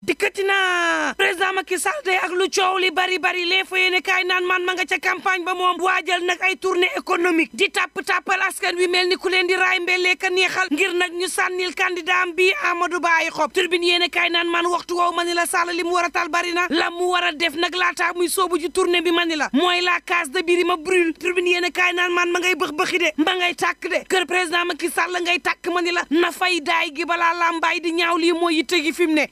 dikkati na président Macky Sall day ak lu coow li bari bari lee fa yéene kaay naan man ma nga ca campagne ba moom waajal nag ay turne économique di tàpp tàppal askan wi mel ni ku leen di raay mbelleeka neexal ngir nag ñu sànnil candidat am bi Amadou Ba ay xob turbine yéene kaay naan man waxtu woow ma la Sall li mu war a tal bari na la mu war a def nag laataa muy soobu ji tournée bi ma ni la mooy la case de Birima brûle turbine yéene kaay naan man ma ngay bëx bëxi de ngay tàkk de kër président Macky Sall ngay tàkk ma ni la na fay daay gi di ñaaw lii mooy fi mu ne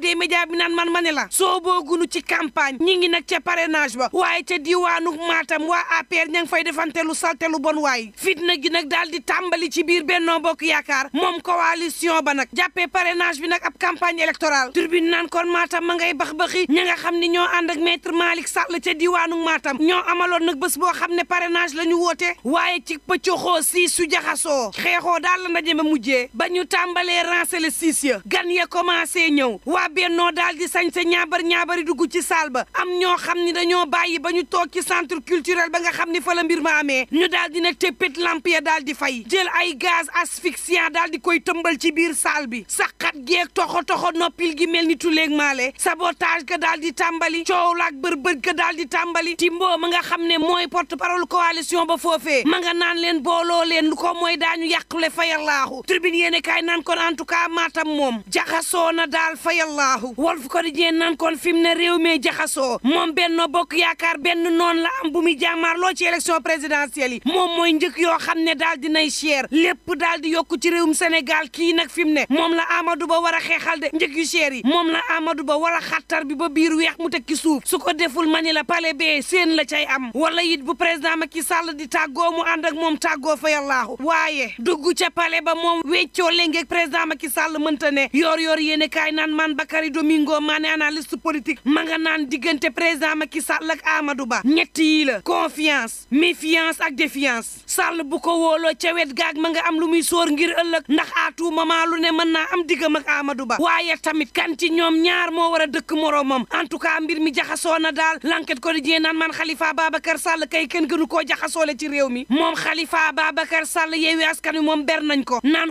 des médias bi naan man mane la soo boogunu ci campagne ñi ngi nag ca parrainage ba waaye ca diwaanu maatam waa APR ña ngi fay defante lu salte lu bon waay fitna gi nag daal di tàmbali ci biir Benno Bokk Yaakaar moom coalition ba nag jàppe parrainage bi nag ab campagne électorale turbine naan kon maatam ma ngay bax baxi ña nga xam ni ñoo ànd ak maître Malick Sall ca diwaanu maatam ñoo amaloon nag bés boo xam ne parrainage la ñu woote waaye ci pëccoxoo si su jaxasoo xeexoo daal la ndaje ba mujjee ba ñu tàmbalee rancé le siis ya gan ya commencé ñëw bennoo daal di sañ sa ñaabar ñaabari dugg ci saal ba am ñoo xam ni dañoo bàyyi ba ñu toog ci centre culturel ba nga xam ni fa la ma amee ñu daal di nag téppét lamp ya daal di fay jël ay gaz asphyxiant daal di koy tëmbal ci biir saal bi saqat geeg toxo toxo noppil gi mel ni tuleeg maale sabotage ga daal di tàmbali coow laak bër ga daal di tàmbali timboo ma nga xam ne mooy porte parole coalition ba foofe ma nga naan leen booloo leen ko mooy daañu yàqule le laaxu tribune yéene kaay naan kon en tout cas maatam moom jaxasoo na daal fayal allahu Walf Quotidien nan kon fi mu ne réew mee jaxasoo moom Benno Bokk Yaakaar benn noon la am bu muy jàmmaarloo ci élection présidentielle yi moom mooy njëkk yoo xam ne daal dinay cher lépp daal di yokku ci réew mu Sénégal kii nag fi mu ne moom la Amadou Ba war a xeexal de njëg yu cher yi moom la Amadou Ba war a xattar bi ba biir weex mu tekki suuf su ko deful ma ni la pale bee séen la cay am wala it bu président Macky Sall di tàggoo mu ànd moom tàggoo fa yàllaahu waaye dugg ba moom weccoo léngeeg président Macky Sall mënta ne yor yor yéene kaay naan Bakary Domingo Mané analyste politique ma nga naan diggante président Macky Sall ak Amadou Ba ñett yii la confiance ak défiance Sall bu ko wóoloo ca wet gaag nga am lu muy sóor ngir ëllëg ndax à tout moment lu ne mën naa am diggam ak Amadou Ba waaye tamit kan ci ñoom ñaar moo war a dëkk moroomam en tout cas mbir mi jaxasoo na daal l'enquête ko di jee naan man Khalifa Babacar Sall kay kenn gënu koo jaxasoole ci réew mi moom Khalifa Babacar Sall yeewi askan wi moom ber nañ ko naan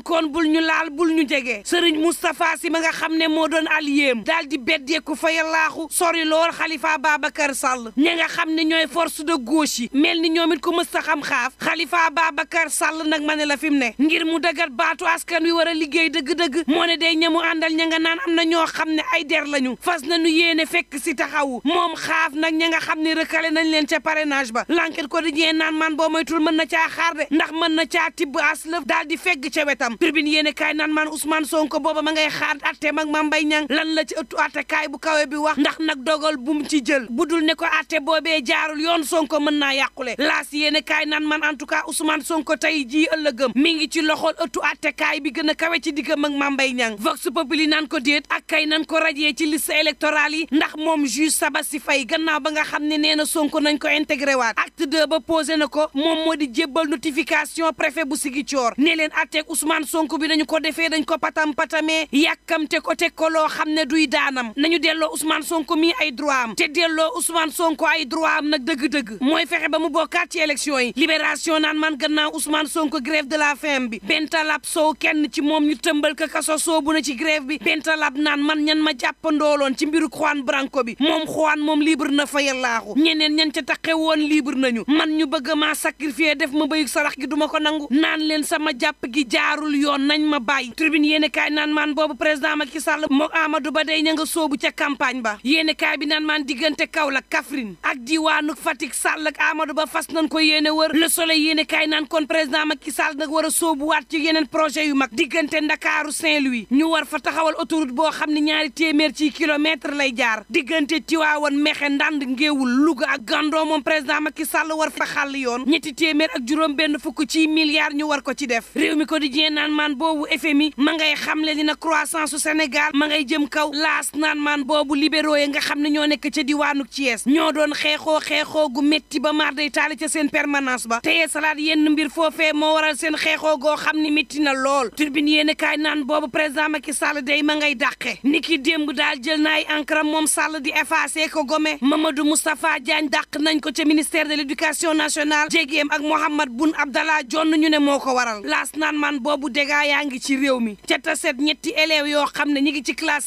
millième daal di beddeeku fa yallaaxu sori lool Khalifa Babacar Sall ña nga xam ne ñooy force de gauche yi mel ni ñoom it ko mës a xam xaaf Khalifa Babacar Sall nag ma ne la fi mu ne ngir mu dagat baatu askan wi war a liggéey dëgg-dëgg moo ne day ñamu àndal ña nga naan am na ñoo xam ne ay der lañu fas na nu yéene fekk si taxawu moom xaaf nag ña nga xam ne rëkkale nañ leen ca parrainage ba l'enquête ko di ñee naan man boo moytul mën na caa xaar de ndax mën na caa tibb aslëf daal di fegg ca wetam tribune yéene kaay naan man Ousmane booba ma ngay xaar atte mag Mame Mbaye Niang lan la ci ëttu attekaay bu kawe bi wax ndax nag dogal bu mu ci jël bu dul ne ko atte boobee jaarul yoon Sonko mën naa yàqule laas yéene kaay naan man en tout cas Ousmane Sonko tey jii ëllëgëm mi ngi ci loxol ëttu attekaay bi gën a kawe ci diggam ak Mame Mbaye Niang Vox Populi naan ko déet ak kay nan ko rajee ci liste électorale yi ndax moom juge si fay gannaaw ba nga xam ne nee na Sonko nañ ko intégré waat acte deux ba posé na ko moom moo di jébbal notification préfet bu Ziguinchor ne leen atteeg Ousmane Sonko bi dañu ko defee dañ ko patam patamee yàkkamte ko teg ko loo xam xam ne duy daanam nañu delloo Ousmane Sonko mii ay droit am te delloo Ousmane Sonko ay droit am nag dëgg-dëgg mooy fexe ba mu bokkaat ci élection yi libération naan man gannaaw Ousmane Sonko grève de la faim bi bentalab sow kenn ci moom ñu tëmbal ka kaso soobu na ci grève bi bentalab naan man ñan ma jàppandooloon ci mbiru Juan Branco bi moom Juan moom libre na fa yallaaxu ñeneen ñan ca taqe woon libre nañu man ñu bëgg maa sacrifier def ma bëyug sarax gi duma ko nangu naan leen sama jàpp gi jaarul yoon nañ ma bàyyi tribune yéene kaay naan man boobu président Macky Sall moo Amadou Ba day ña nga soobu ca campagne ba yéene kaay bi naan maan diggante Kaolack Kaffrine ak diwaanu Fatick Sall ak Amadou Ba fas nañ ko yéene wër Le Soleil yéene kaay naan kon président Macky Sall nag war a soobuwaat ci yeneen projet yu mag diggante Ndakaaru Saint-Louis ñu war fa taxawal autoroute boo xam ne ñaari téeméer ci kilomètre lay jaar diggante Tiwaawan Mexe Ndand Ngéewul luga ak Gandoo moom président makki Sall war fa xàll yoon ñetti téeméer ak juróom benn fukk ci milliards ñu war ko ci def réew mi quotidien naan maan boobu FMI ma ngay xamle dina croissance su jëm kaw laas naan maan boobu libéraux yi nga xam ne ñoo nekk ca diwaanu Thiès ñoo doon xeexoo xeexoo gu métti ba maar day taali ca seen permanence ba teye salaat yenn mbir foofee moo waral seen xeexoo goo xam ne métti na lool turbine yéen kaay naan boobu président Macky Sall day ma ngay dàqe ni ki démb daal jël naay ankara moom Sall di effacé ko gome Mamadou Moustapha Diagne dàq nañ ko ca ministère de l' éducation nationale jégeem ak Mohamed Boun Abdallah Dionne ñu ne moo ko waral laas naan maan boobu dégaa yaa ngi ci réew mi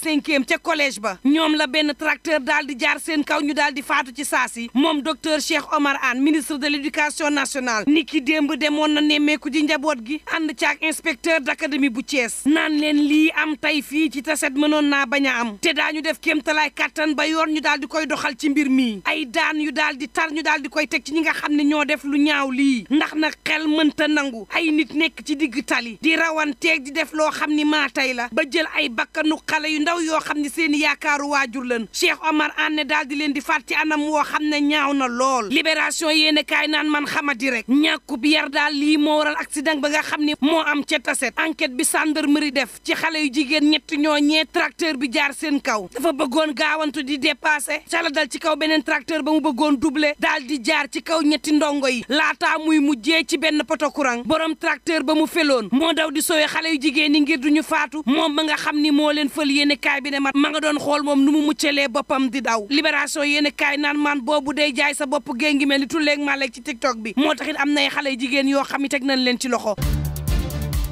cinquième ca collège ba ñoom la benn tracteur daal di jaar seen kaw ñu daal di faatu ci saa si moom docteur Cheikh Omar Anne ministre de l' éducation nationale ni ki démb demoon na nemmeeku ji njaboot gi ànd caag inspecteur d' académie bu Thiès naan leen lii am tey fii ci taset mënoon naa bañ a am te daañu def kéemtalaay kàttan ba yoon ñu daal di koy doxal ci mbir mi ay daan yu daal di tar ñu daal di koy teg ci ñi nga xam ne ñoo def lu ñaaw lii ndax nag xel mënta nangu ay nit nekk ci digg tali di rawanteeg di def loo xam ni maa tey la ba jël ay bakkanu xale yu ndaw ndaw yoo xam ne seen yaakaaru waajur lan Cheikh Omar Anne daal di leen di faat ci anam woo xam ne ñaaw na lool libération yéene kaay naan man xamadi rek ñàkkub yar daal lii moo waral accident ba nga xam ni moo am ca taset enquête bi gendarmerie def ci xale yu jigéen ñetti ñoo ñee tracteur bi jaar seen kaw dafa bëggoon gaawantu di dépassé ca dal ci kaw beneen tracteur ba mu bëggoon doublé daal di jaar ci kaw ñetti ndongo yi laata muy mujjee ci benn poto courant borom tracteur ba mu feloon moo daw di sowee xale yu jigéen yi ngir duñu faatu moom ba nga xam ni moo leen fël kaay bi ne ma ma nga doon xool moom nu mu muccalee boppam di daw libération yéen kaay naan maan boobu day jaay sa bopp géey ngi mel ni tulleeg maaleeg ci tiktok bi moo taxit am nay xale jigéen yoo xam ne teg nañ leen ci loxo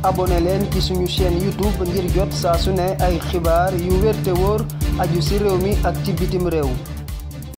abonné leen ci suñu chaîne youtube ngir jot saa su ne ay xibaar yu wér te wóor aju si réew mi ak ci bitim réew